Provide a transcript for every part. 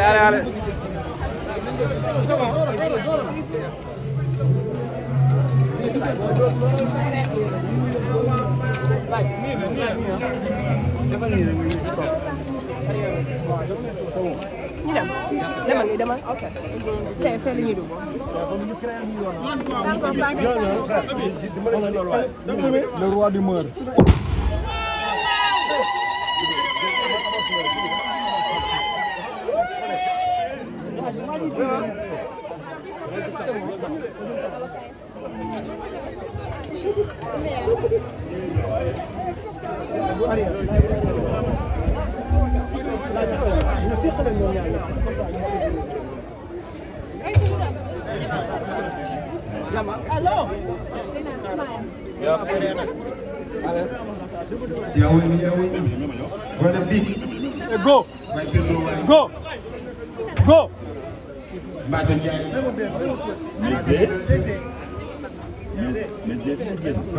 ale ale ale ñu dem demal nii demal tey fee la ñuy dugg. Go. Go.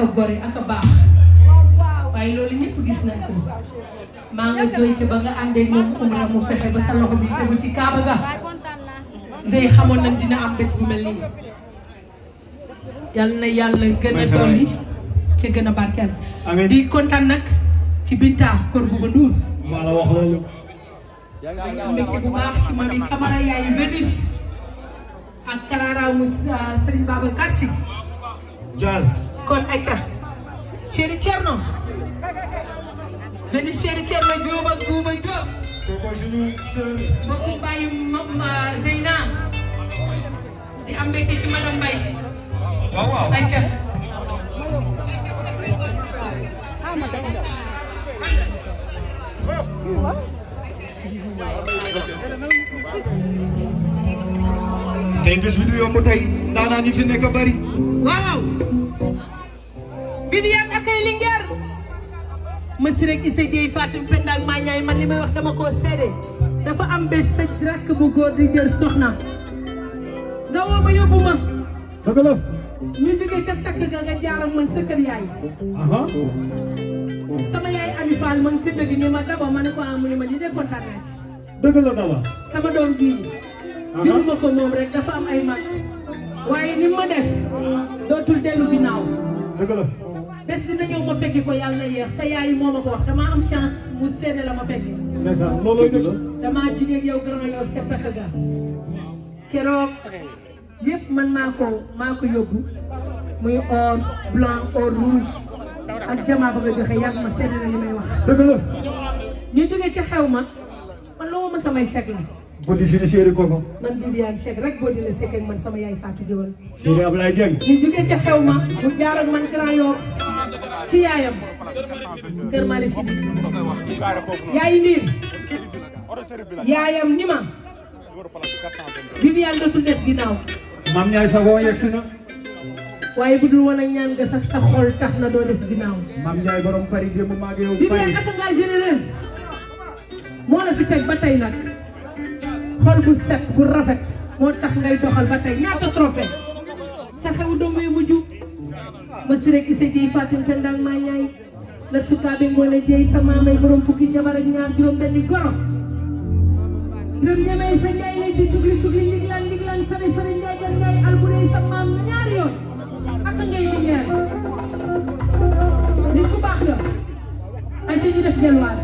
a gore ak a baax waaye loolu ñëpp gis nañ ko maa nga doy ci ba nga àndee ñoom umra mu fexe ba sa loxo bi tegu ci kaaba ga zey xamoon nañ dina am bés bu mel nii yal na yàlla gën a dolli ci gën a barkeel di kontaan nag ci Binta kor bu ba maa la wax loolu mbégte bu baax ci Mami Camara yaayu Vénus ak Clara kon acca chéri Thierno dañu chéri Thierno Diop ak Bouba Diop kooku suñu sœur mbokku Baye Mama Zeyna di am mbégte ci madame Mbaye waaw waaw acca tey bés bi du yomb tey ndaanaan yi fi nekk bari waaw Viviane ak ay Linguère ma si rek Issa Dieye Fatou Penda ak maa ñaay man li may wax dama koo seede dafa am bés sa rakk bu góor di jël soxna nga woo ma yóbbu ma dëgg la ñu ca takk ga nga jaar man sa yaay sama yaay Ami Fall ma ngi ci dëgg ma daba ma ne ko amu ah, ni ma li dee kontaan naa ci dëgg la daba sama doom ko moom rek dafa am ay mag waaye ni ma def dootul dellu ginnaaw bés dina ñëw ma fekki ko yàlla na yeex sa yaay moo ma ko wax damaa am chance mu seene la ma fekki. ndeysaan looloo la damaa jugee ca Pekka ga keroog yëpp man maa ko maa ko yóbbu muy or blanc or rouge ak jamaa ba nga joxe yàgg ma seene la may wax. dëgg la ñu jógee ci xew ma man loo ma samay chèque la. bodi judiciaire kooku. man Viviane Cheikh rek boo di la sekk ak man sama yaay Fatou Diol. Cheikh Abdoulaye Dieng. ñu jógee ca xew ma mu jaar ak man Grand Yoff ci yaayam ni ma Viviane dootul des ginnaaw. maam ñaay sa woo yegg si na. waaye bu dul woon ñaan nga sax sa xol tax na doo des ginnaaw. maam ñaay borom Paris démb maa ngi yow. Viviane ak nga généreuse moo la fi teg ba tey nag. xol bu set bu rafet moo tax ngay doxal ba tey ñaata trophée sa xew doom yu mujj ma si rek isa jiy fatim te ndal maa ñaay la sukaabe ngoone jeey sa maamay borom fukki jabar ak ñaar juróom benni goro juróom ñemee sa ñaay lay ci cugli cugli ndiglaan ndiglaan sare sare njaay jar njaay alburey sa maam ñaar yoon ak nga yoon ñaar nit ku baax nga ay te ñu def jelwaar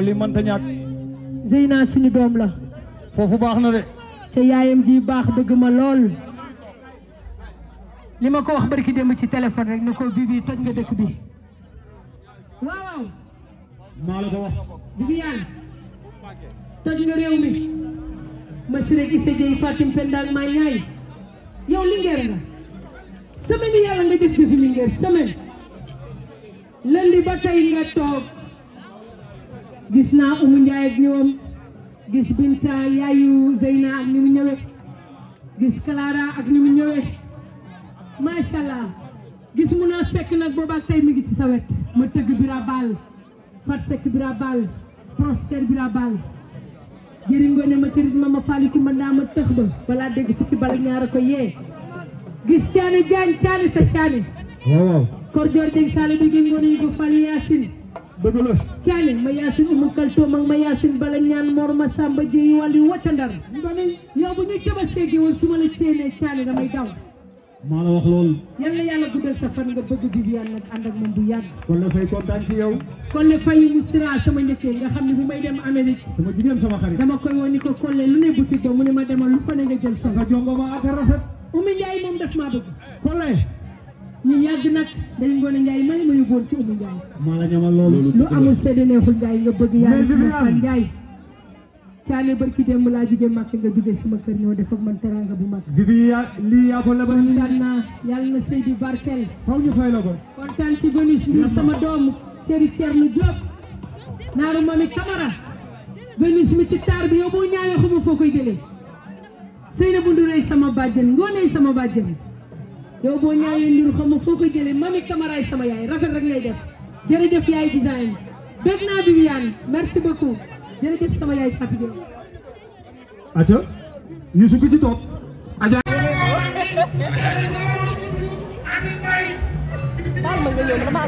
waaw li mënta ñàkk. Zeyna suñu doom la. foofu baax na de. ca yaayam ji baax dëgg ma lool. li ma ko wax barki démb ci téléphone rek ne ko bibi toj nga dëkk bi. waaw waaw. maa la ko wax. bibi yàlla. toj nga réew mi. ma sire Issa nga. semaine yàlla nga def defi lingeer semaine. lundi ba tey nga gis naa umu njaay ak ñoom gis binta yaayu zeyna ak ni mu ñëwee gis clara ak ni mu ñëwee macha allah gis mun a sekk nag boobaak tey mi ngi ci sa wet ma tëgg bira fat sekk bira baal prospère bira baal ne ma cërit ma ma faaliku ma naa ma tëx ba balaa dégg fukki bala ñaara ko yee gis caane jaan caane sa caane kor joor dégg saale du jëriñoo ne yu fal yaasin dëgg la caali ma yaasin mu kalto mag ma yaasin bala ñaan mor ma sàmba jiy wàllu wacca ndar yow bu ñu tabaskee géwal su ma la séenee caali damay daw maa la wax loolu yàlla yàlla guddal sa fan nga bëgg Viviane nag ànd ak moom bu yàgg kon la fay kontaan ci yow Kolle Faye mu sira xam ne bu may dem Amérique sama jigéen sama xarit dama koy woon ko Kolle lu ne boutique ba mu ne ma demal lu fa ne nga jël sa sa jongo ma ak rafet ñu yàgg nag day ngoone Njaay may ma yóbboon ci Umu Njaay lu amul seede neexul Njaay nga bëgg yàlla laa jóge màkk nga jóge sama kër ñëw def ak bu mag bi bi lii yaa ko lebal kontaan naa yàlla na sëy di barkel faw ñu fay la ko kontaan ci bonus bi sama doom chéri Thierno Diop naaru mami Camara bonus mi ci taar bi yow boo ñaawee foo koy jëlee sëy na bu nduree sama bàjjen ngoonee sama bàjjen yow boo ñaawee ndir xam nga foo ko jëlee mami camaraay sama yaay rafet rek ngay def jërëjëf yaay design bëgg naa Viviane merci beaucoup jërëjëf sama yaay Fatou Diop. atia ñu su ko toog. Adja. baal ma nga ñëw dama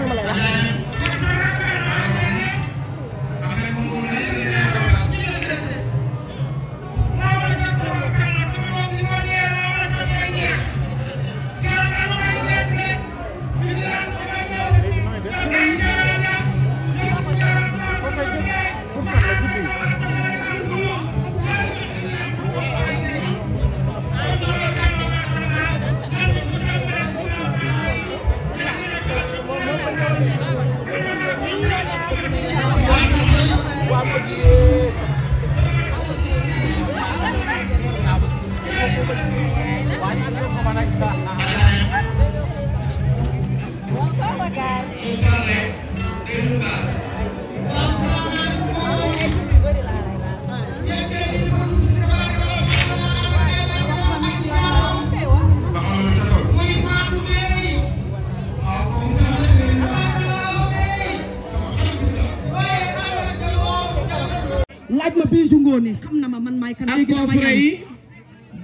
biisu ngóone xam na ma man maay kan léegi dama yaay yi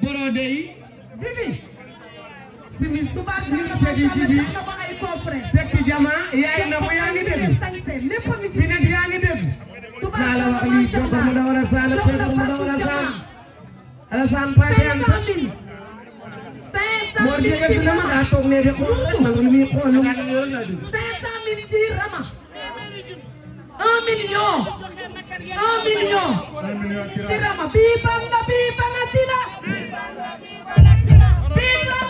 borode yi bibi suba ay coffre tekk yaay na mu yaa ngi dem bi nekk yaa ngi dem naa la wax lii jox mu da war a saal jox mu da war a saal Alassane Pathé Anta Mor Jëgës dama daa toog ne de xool oh, nag lu muy xool lu muy xool la di 500 000 ci rama 1 million Ambi nyo. Sira mapipang na pipang na sila. Pipang na pipang na sila. Pipang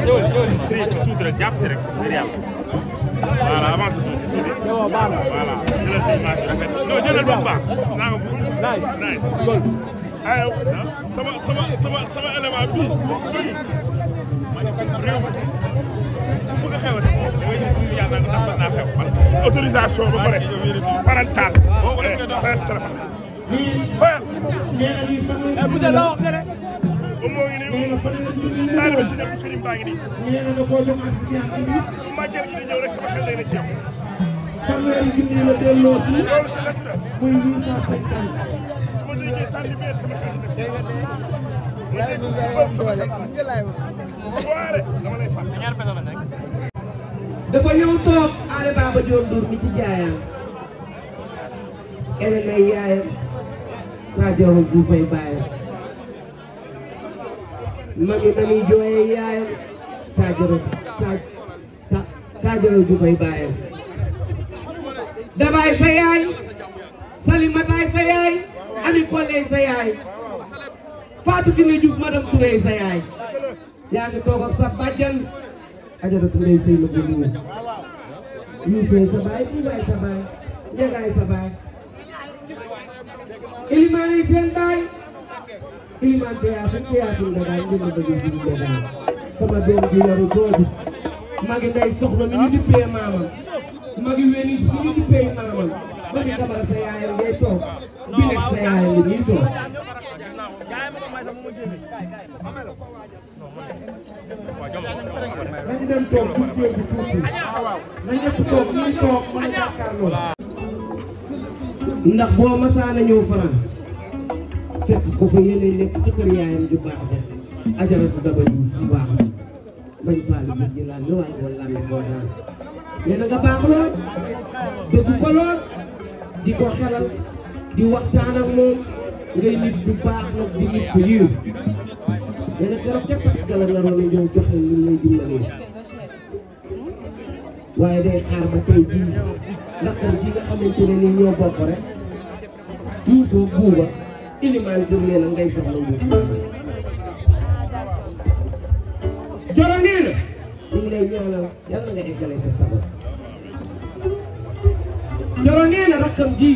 ci tuuti rek jàpp si rek ngir yàlla. voilà avance tuuti tuuti. voilà jëlal si image rafet. non jëlal ba mu baax. naa ko nice nice. aywa ah, ah, sama sama sama sama élément bii sori. ma ne ko réew mi ku bëgg a xew rek. da ngay gis suñu yàlla ndax mën naa xew. man autorisation ba pare. parental. boo ko defee doo xew rek sa rafet. fayal. monsieur Lo wax nga ne. moom moo ngi toog aale Baba Dior Ndour mi ci jaayam ele nay yaayam saa joor bu fay baayam mag yi dañuy jooyee yaayam ah, Sadio Rob Sadio Rob du koy dabaay sa yaay salimataay sa yaay ami Collé sa yaay Fatou Kiné Diouf madame Touré sa yaay yaa ngi toog sa bàjjan Adjara Touré sëy na ko ñëw sa baay Bibaay sa baay Njagaay sa baay Ilimaane seen baay iliman teyaatu teyaatu Ndagaay ngeen di bëgg di Ndagaay sama doom bi yaru jooju magi nday soxna mi ñu dippee maamam magi wenis mi ñu dippee maamam magi dabara sa yaayam ngay toog bi nekk sa yaayam li ñuy toog nañu dem toog pour jéem bu tuuti na ñëpp toog ñu toog mën a jàkkaarloo ndax boo masaana ñëw France fekk ko fa yéene nekk ci kër yaayam ju baax ja ajaratu daba juuf baax la faal bi ji laan la waaye boo làmbi boo daan nee na nga baax lool dëgg ko lool di ko xelal di waxtaan ak moom ngay nit du baax nag di nit ku yiw a ñëw joxe waaye day xaar ba tey jii ndax ji nga xamante ne ni ñoo bokk rek duusoo buuba ilimaan jóg nee na ngay soxla wu. Joro nee na ñu rakkam ji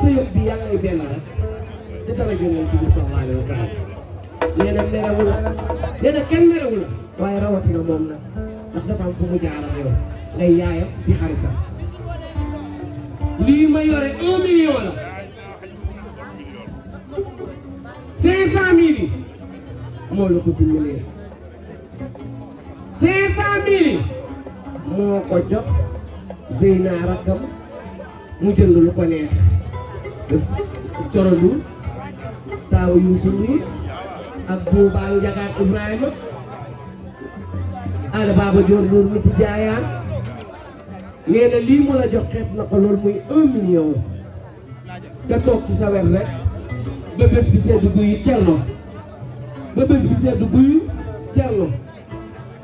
sëyëb bi yàlla ngay benn rek te dara jëloon ci biir sallallahu alayhi wa sallam. nee na merewul nee na kenn merewul waaye moom nag ndax dafa am fu mu jaar ak ngay yaayam di xaritam lii ma yore un cinq cent mille yi moo la ko dimbalee cinq cent mille yi moo ko jox Zeyna rakkam mu jënd lu ko neex corolu taaw Yuusu nii ak Buubaa Njagaat Ibrahima aada Baba Dior loolu mu ci jaayaan nee lii mu la jox xeet na ko loolu muy un million nga toog ci sa wet rek ba bi sedd guy Cerno ba bés bi sedd guy Cerno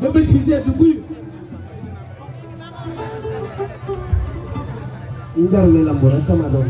ba bés bi sedd guy njar mi lamb rek sama doom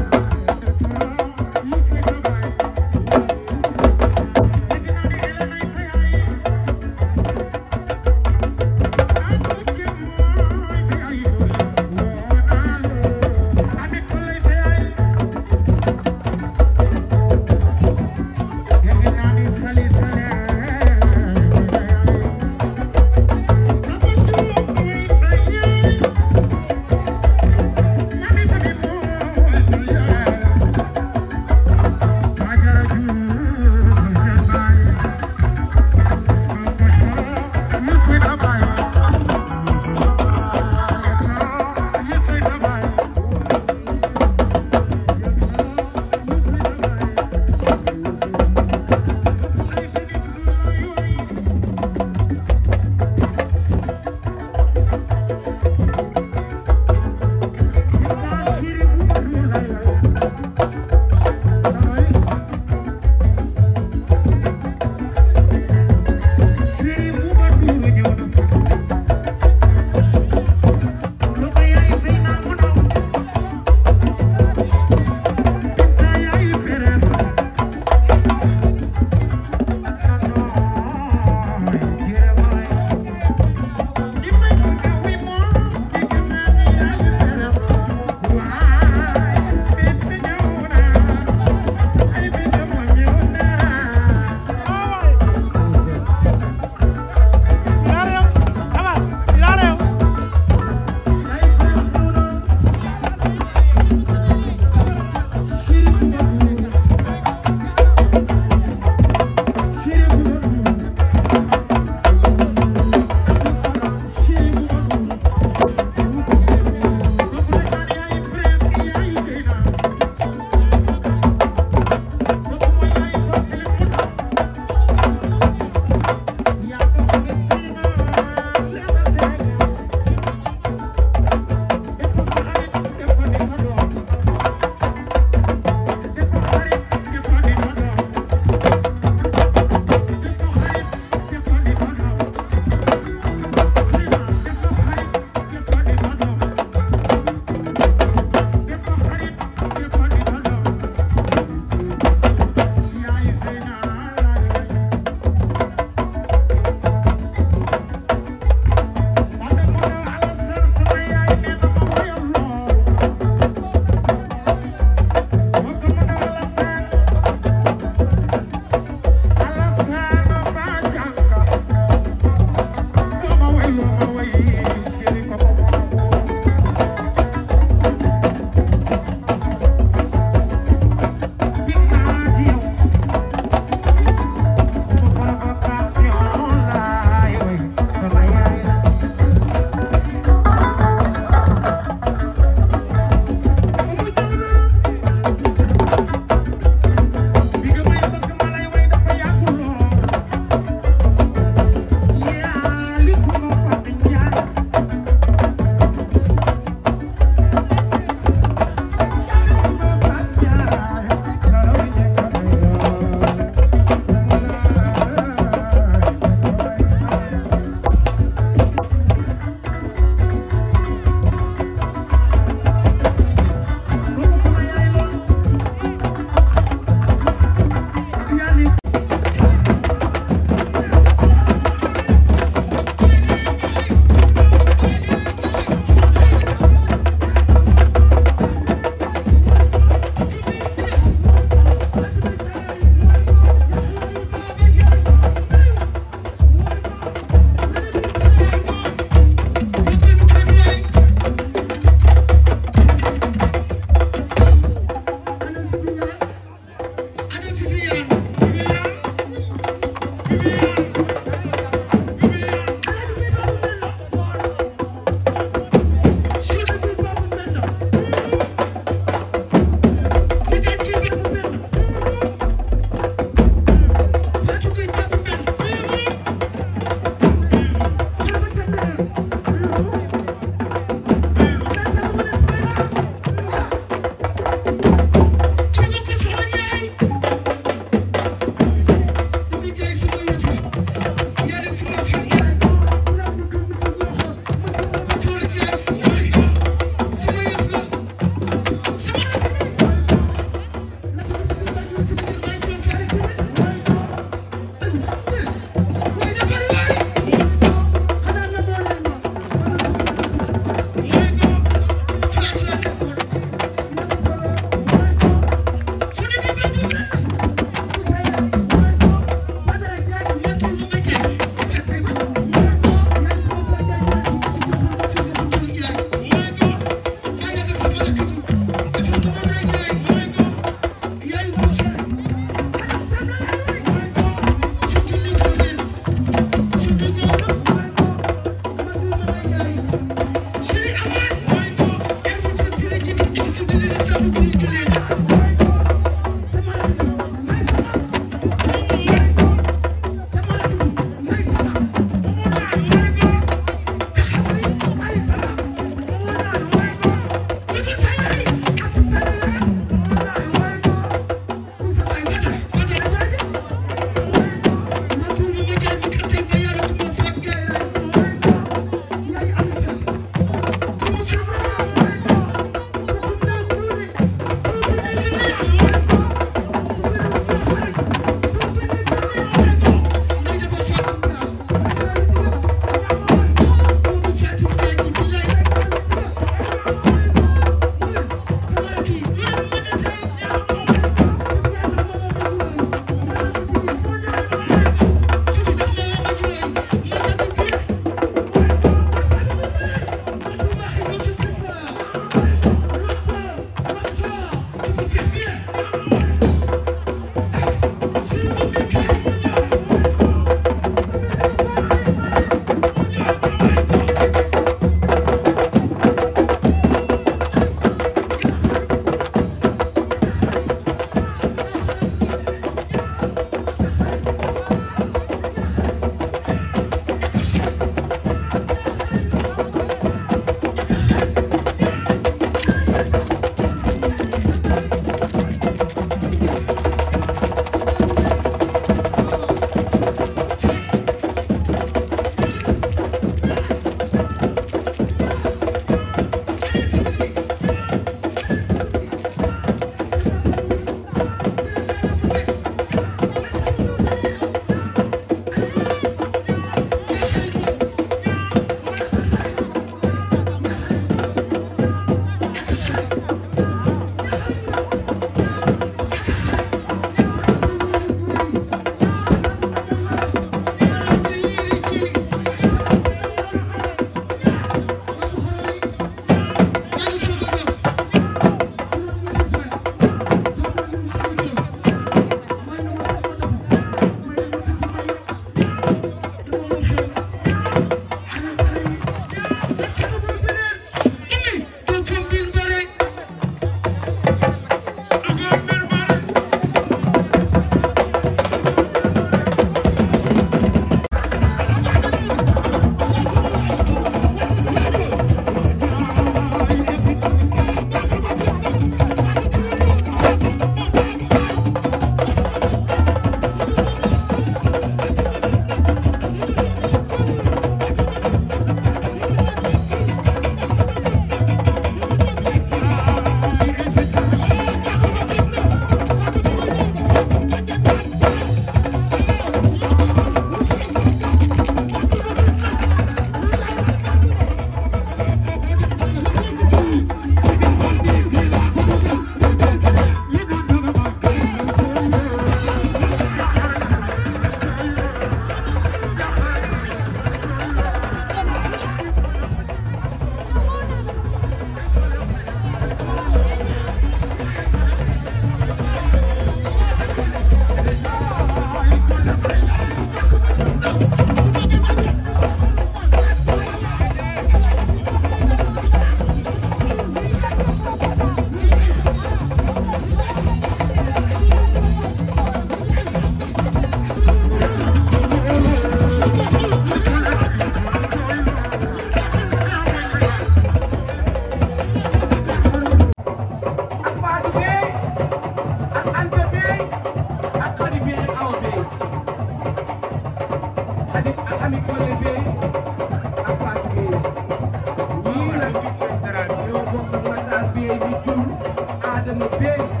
Adama Bey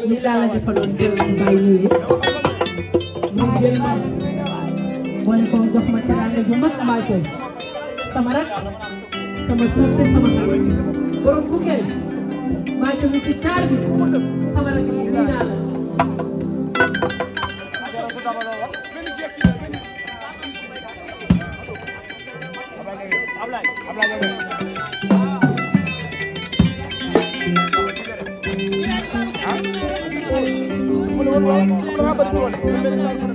lii laa la defaloon déwén bi may ñëwee mu jël ma boole ko jox ma teraanga bu mag maa koy sama rak sama suuf sama xarit borom Koungheul maa ngi ci taar bi sama rak lii laa la. loolu moo gën a bëri doole